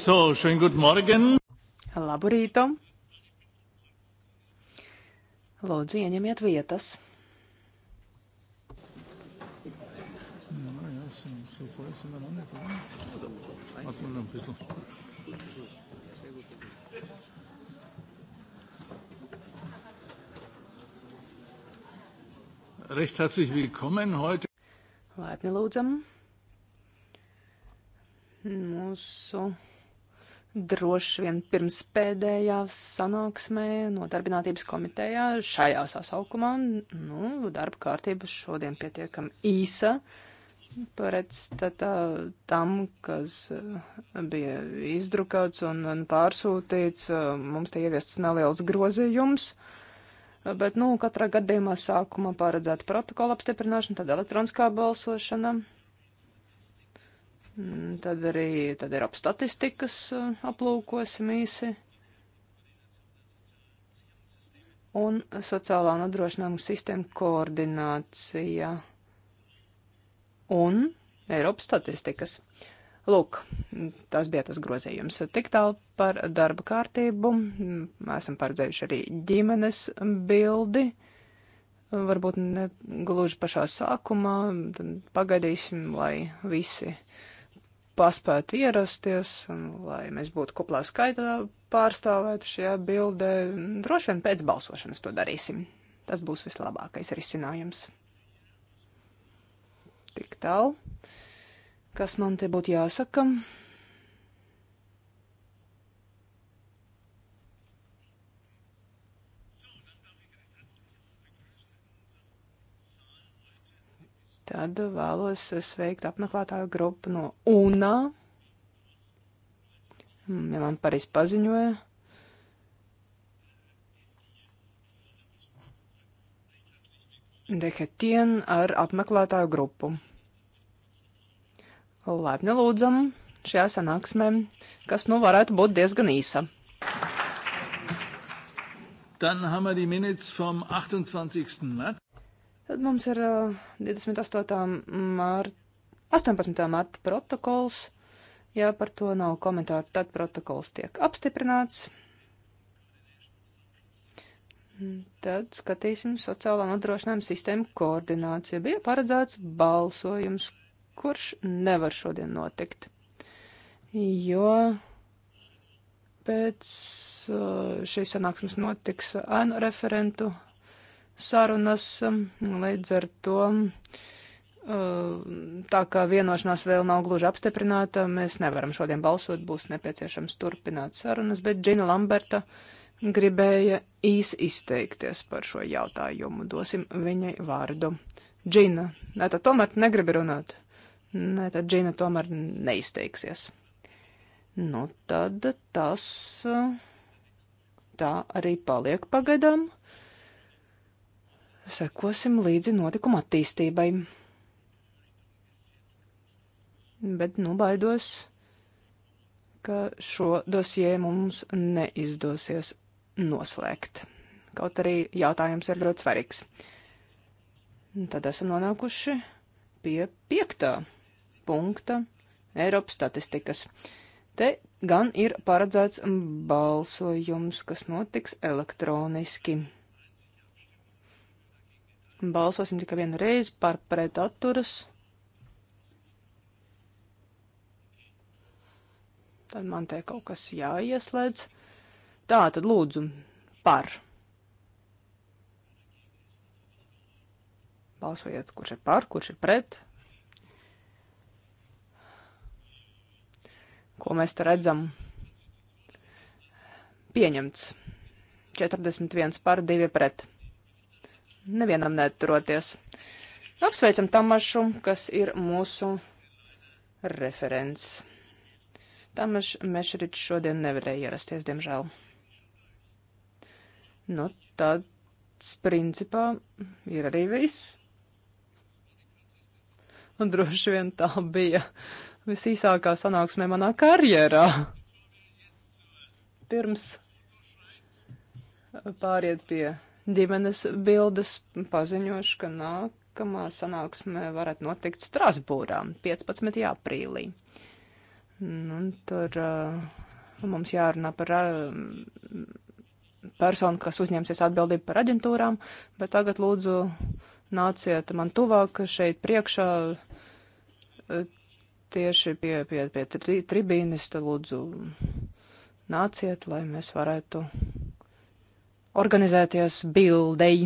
So, schönen guten Morgen. Labu rītu. Lūdzu, ieņemiet vietas. Recht herzlich willkommen heute. Laipni lūdzam mūsu droši vien pirms pēdējā sanāksmē no darbinātības komitejā šajā sasaukumā. Nu, darba kārtība šodien pietiekam īsa pretstatā tam, kas eh, bija izdrukāts un, un pārsūtīts. Eh, mums te ieviests neliels grozījums. Bet, nu, katrā gadījumā sākumā paredzēta protokola apstiprināšana, tad elektroniskā balsošana. Mm, tad arī tad ir ap statistikas eh, aplūkosim īsi. Un sociālā nodrošinājuma sistēma koordinācija un Eiropas statistikas. Lūk, tas bija tas grozījums. Tik tālu par darba kārtību. Mm, esam paredzējuši arī ģimenes bildi. Varbūt ne gluži pašā sākumā. Tad pagaidīsim, lai visi paspētu ierasties un lai mēs būtu kuplā skaitā pārstāvēti šajā bildē. Droši vien pēc balsošanas to darīsim. Tas būs vislabākais risinājums. Tik tālu. Kas man te būtu jāsaka? Tad vēlos sveikt apmeklētāju grupu no UNA. Mm, ja man Paris paziņoja. Deketien ar apmeklētāju grupu. Laipni lūdzam šajā sanāksmē, kas nu varētu būt diezgan īsa. Dann haben wir die Minutes vom 28. März. Tad mums ir 28. mārta, 18. mārta protokols. Ja par to nav komentāru, tad protokols tiek apstiprināts. Tad skatīsim sociālā nodrošinājuma sistēmu koordināciju. Bija paredzēts balsojums, kurš nevar šodien notikt. Jo pēc šīs sanāksmes notiks ēnu referentu sarunas. Um, līdz ar to, uh, tā kā vienošanās vēl nav gluži apstiprināta, mēs nevaram šodien balsot, būs nepieciešams turpināt sarunas, bet Džina Lamberta gribēja īsi izteikties par šo jautājumu. Dosim viņai vārdu. Džina, nē, tad tomēr negribi runāt. Nē, tad Džina tomēr neizteiksies. Nu, tad tas uh, tā arī paliek pagaidām sekosim līdzi notikuma attīstībai. Bet nu baidos, ka šo dosie mums neizdosies noslēgt. Kaut arī jautājums ir ļoti svarīgs. Tad esam nonākuši pie piektā punkta Eiropas statistikas. Te gan ir paredzēts balsojums, kas notiks elektroniski. Balsosim tikai vienu reizi par pretaturas. Tad man te kaut kas jāieslēdz. Tā, tad lūdzu par. Balsojiet, kurš ir par, kurš ir pret. Ko mēs te redzam? Pieņemts. 41 par, 2 pret nevienam neturoties. Apsveicam Tamašu, kas ir mūsu referents. Tamaš Mešričs šodien nevarēja ierasties, diemžēl. Nu, tāds principā ir arī viss. Un droši vien tā bija visīsākā sanāksmē manā karjerā. Pirms pāriet pie ģimenes bildes, paziņošu, ka nākamā sanāksme varētu notikt Strasbūrā 15. aprīlī. Nu, un tur uh, mums jārunā par uh, personu, kas uzņemsies atbildību par aģentūrām, bet tagad lūdzu nāciet man tuvāk šeit priekšā uh, tieši pie, pie, pie tri, tribīnes, tad lūdzu nāciet, lai mēs varētu organizēties bildei.